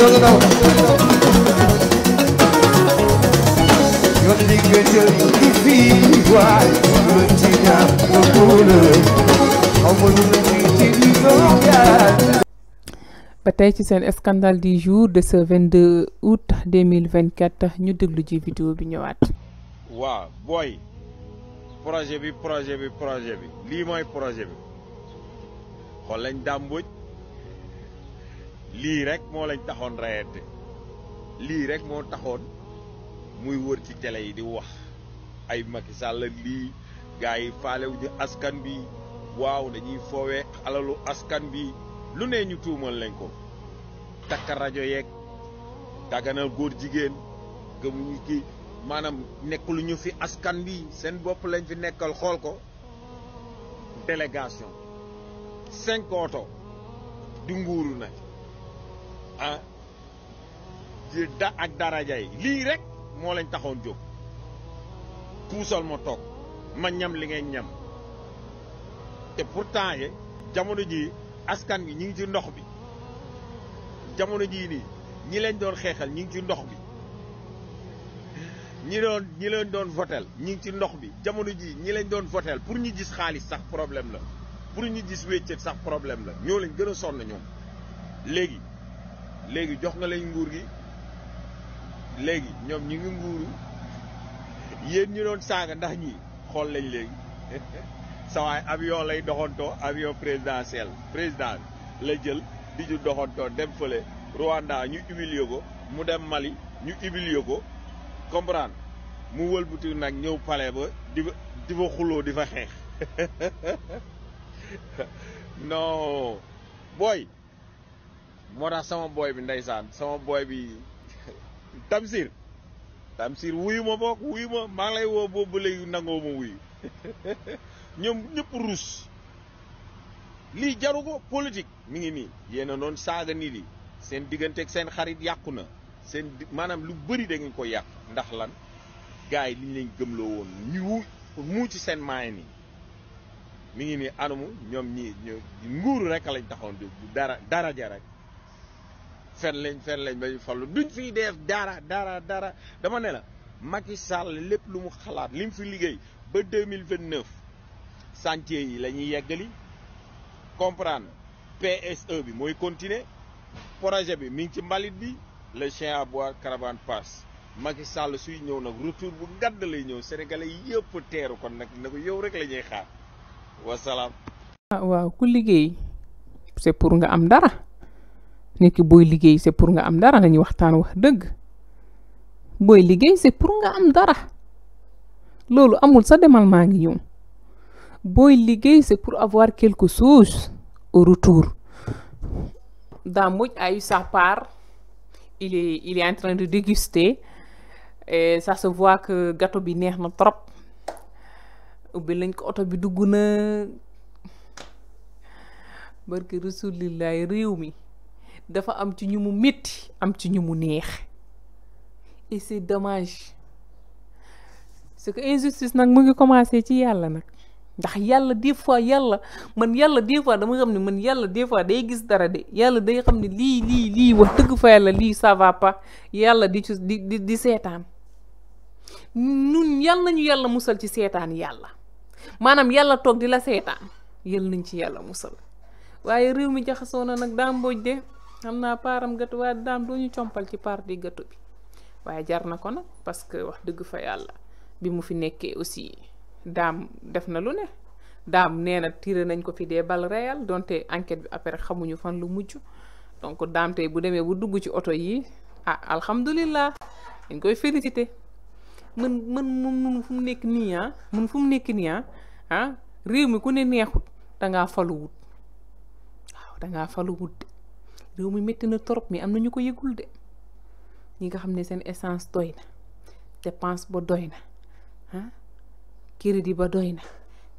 ba tey ci seen scandale di jour de ce 22 août 2024 ñu déglu ci vidéo bi ñëwaat. waaw booy projet bi projet bi projet bi lii mooy projet bi xool lañ dàmbuj lii rekk moo lañ taxoon rayante lii rekk moo taxoon muy wër ci télé yi di wax ay Macky Sall lii gars yi faalewuñu askan bi waaw dañuy foowee alalu askan bi lu ne ñu tuumal lañ ko takk rajo yeeg daganal góor jigéen gëmuñu ki maanaam nekkul ñu fi askan bi seen bopp lañ fi nekkal xool ko délégation cinq oto di nguuru na ah da ak daraja yi lii rek moo lañ taxoon jóg kuusal ma toog ma ñam li ngay ñam te pourtant ye jamono ji askan bi ñi ngi ci ndox bi jamono jii nii ñi leen doon ñi ngi ci ndox bi ñi doon ñi leen doon votel ñi ngi ci ndox bi jamono ñi leen doon votel pour ñu gis sak sax problème la pour ñu gis wéccet sax problème la ñoo leen sonn ñoom léegi jox nga lañ nguur gi léegi ñoom ñi ngi nguuru yéen ñu doon saaga ndax ñi xool lañ léegi sawaay avion lay doxantoo avion présidentiel président la jël di ju doxantoo dem fële Rwanda ñu humilier ko mu dem Mali ñu humilier ko comprendre mu wëlbati nag ñëw palais ba di fa di fa xuloo di fa xeex non booy mora sama boy bi ndaysan sama boy bi tamsir tamsir wuyu bok wuyuma wuyu ma maa ngi lay woo boobu léegi nangoo ma wuyu ñoom ñëpp ruus jaru ko politique mi ngi ni yena non saga saaga nit yi seen ak sen xarit yakuna sen manam lu beuri de ngeen ko yak ndax lan gaay liñ leen gëmloo won ñu mu ci sen maay mi ngi ni anumu ñom ñi nguur rek lañ taxoon di dara dara ja rek fen lañ fen lañ ba fallu duñ fiy def dara dara dara dama ne la Macky Sall lépp lu mu xalaat lim fi liggéey ba 2029 chantier yi la ñuy yeggali comprendre PSE bi mooy continuer projet bi mi ngi ci mbalit bi le chien à bois caravane passe Macky Sall suy ñëw nag retour bu gàdd lay ñëw sénégalais yëpp teeru kon nag ne yow rek la ñuy ah, ku c'est pour nga am dara. nit ki booy liggéey c'est pour nga am dara dañuy waxtaan wax dëgg booy liggéey c'est pour nga am dara loolu amul sa demal maa ngi ñëw booy liggéey c'est pour avoir quelque chose au retour Dame muj a eu sa part il est il est en train de déguster et ça se voit que gâteau bi neex na trop ubbi lañ ko oto bi dugg na barke rasulillahi réew mi dafa am ci ñu mu métti am ci ñu mu neex et c'est dommage parce que injustice nag mu ngi commencé ci yàlla nag ndax yàlla des fois yàlla man yàlla des fois dama xam ne man yàlla des fois day gis dara de yàlla day xam ne lii lii lii wax dëgg fa yàlla lii savapa yàlla di ci di di seetaan nun yàlla nañu yàlla musal ci seetaan yàlla maanaam yàlla toog di la seetaan yàlla nañ ci yàlla musal waaye réew mi jaxasoo nag daa mbooj de amna param paaram wa dam duñu chompal ci di gëtu bi waye jar na ko nag parce que wax deug fa yalla bi mu fi nekké aussi dam def na lu ne dam neena tiré nañ ko fi dé bal réel donte enquête bi après xamuñu fan lu mujj donc dam tay bu démé bu dugg ci auto yi ah alhamdulillah ñu koy félicité mën mën mun fu nekk ni ah mun fu nekk ni ha ah, ah réew mi ku ne neexut da faluwut waaw da faluwut réew mu métti na trop mi am na ñu ko yëgul de ñi nga xam ne seen essence doy na dépense ba doy na ah crédit ba doy na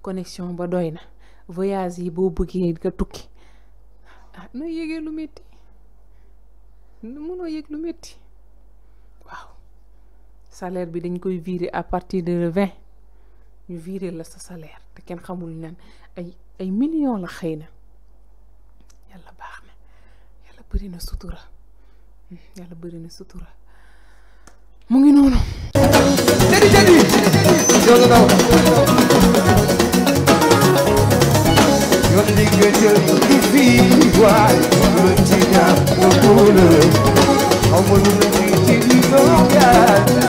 connexion ba doy na voyage yi boo bëggee nga tukki ah noo yëgee lu métti mënoo yëg lu métti waaw salaire bi dañ koy virer à partir de vingt ñu virer la sa salaire te kenn xamul nan ay ay millions la xëy na yàlla baax na bëri na sutura hmm, yàlla bëri na sutura mu ngi noonu jadi jadi jonga daw yoon li nga jël di fii waay mën ci ñaar nga kóolal xaw ma lu la ci di doom yaay